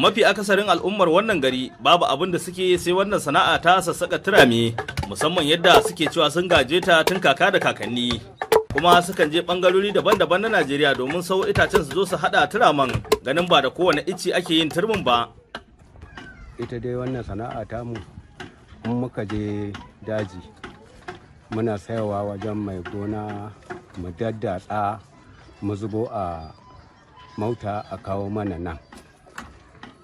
mafi akasarin al'ummar wannan gari babu abin da suke sai wannan sana'a ta sassaka turame musamman yadda suke cewa sun gaje ta tun kaka da kakanni kuma sukan je bangarori daban-daban na najeriya domin sau itacen su zo su hada turaman ganin ba da kowane ici ake yin turmin ba ita dai wannan sana'a ta in muka je daji muna sayawa wajen mai gona mu daddatsa mu zubo a mauta a kawo mana nan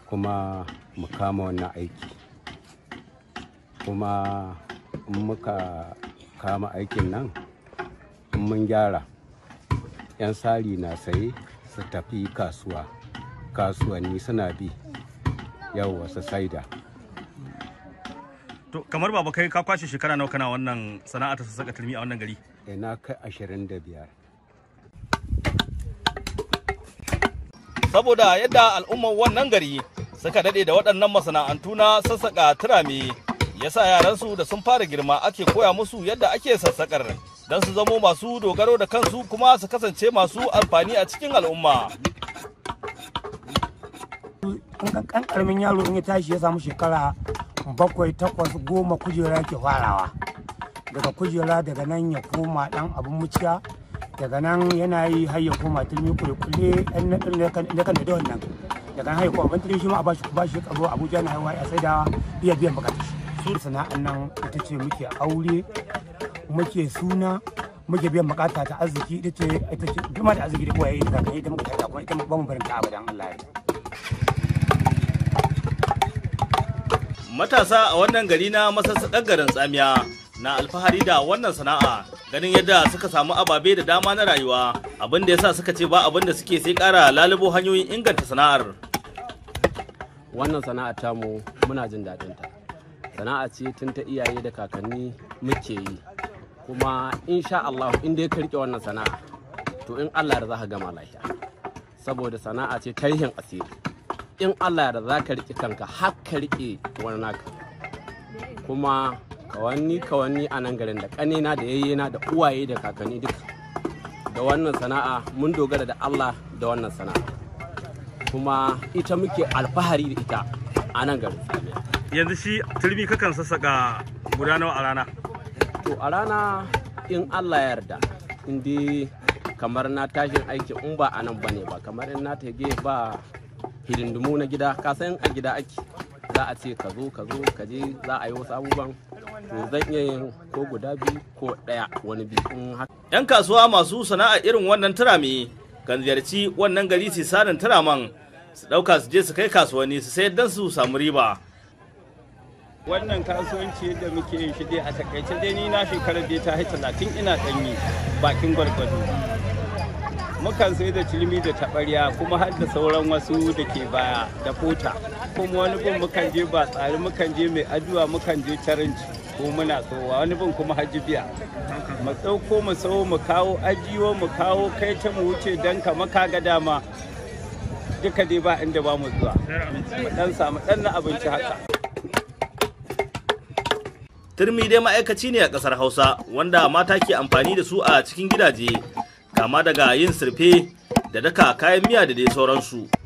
kuma mu kama wannan aiki kuma muka kama aikin nan mun gyara 'yan sari na saye su tafi kasuwa kasuwanni suna bi yau wasu saida to kamar baba kai ka kwashe shekara nawa kana wannan sana'a ta saka turmi a wannan gari ina eh, kai 25 saboda yadda al'ummar wannan gari suka daɗe da waɗannan masana'antu na sassaƙa turame ya sa yaransu da sun fara girma ake koya musu yadda ake sassaƙar don su zamo masu dogaro da kansu kuma su kasance masu amfani a cikin al'umma. Kan ƙaramin yaro in ya tashi ya samu shekara bakwai takwas goma kujera ke farawa daga kujera daga nan ya koma ɗan abin muciya daga nan yana yi har ya koma turmi kulle-kulle na kan da wannan daga nan har ya koma bantare shi ma a bashi bashi karo abuja na haihuwa ya sai da biya biyan bukatu su sana'an nan ita ce muke aure muke suna muke biyan bukata ta arziki ita ce ita ce duma da arziki da kowa yayi daga ita muka tada kuma ita ba mu barin ta abadan Allah ya Matasa a wannan gari na masassaƙar garin tsamiya na alfahari da wannan sana'a ganin yadda suka samu ababe da dama na rayuwa abin da yasa suka ce ba abin da suke sai kara lalubo hanyoyin inganta sana'ar wannan sana'a ta mu muna jin daɗin ta sana'a ce tun ta iyaye da kakanni muke yi kuma insha Allah in dai ka rike wannan sana'a to in Allah da za ka gama lafiya saboda sana'a ce tarihin asiri in Allah da za ka rike kanka har ka rike wani naka kuma kawanni kawanni a nan garin da ƙanena da yayyena da uwaye da kakanni duka da wannan sana'a mun dogara da allah da wannan sana'a kuma ita muke alfahari da ita a nan garin yanzu shi turmi kakan sassaƙa guda nawa a rana to a rana in allah ya yarda in dai kamar na tashin aiki in ba a nan bane ba kamar in na tage ba hidindimu na gida ka san a gida ake za a ce ka zo ka zo ka je za a yi wasu abubuwan to zan iya yin ko guda biyu ko ɗaya wani biyu yan kasuwa masu sana'a irin wannan turami kan ziyarci wannan gari su sanin turaman su ɗauka su je su kai kasuwanni su sayar don su samu riba. wannan kasuwanci da muke yin shi dai a takaice dai ni na shekarar da ta talatin ina ɗanyi bakin gwargwado mukan sai da cilmi da taɓarya kuma har da sauran wasu da ke baya da fota kuma wani gun mukan je ba tsari mukan je mai aduwa mukan je caranci ko muna tsowa wani bin kuma hajji biya mu tsauko mu tsawo mu kawo ajiyo mu kawo kai ta mu wuce don maka ga dama duka dai ba inda ba mu zuwa mu dan samu dan na abinci haka turmi dai ma'aikaci ne a ƙasar hausa wanda mata ke amfani da su a cikin gidaje kama daga yin sirfe da daka kayan miya da dai sauransu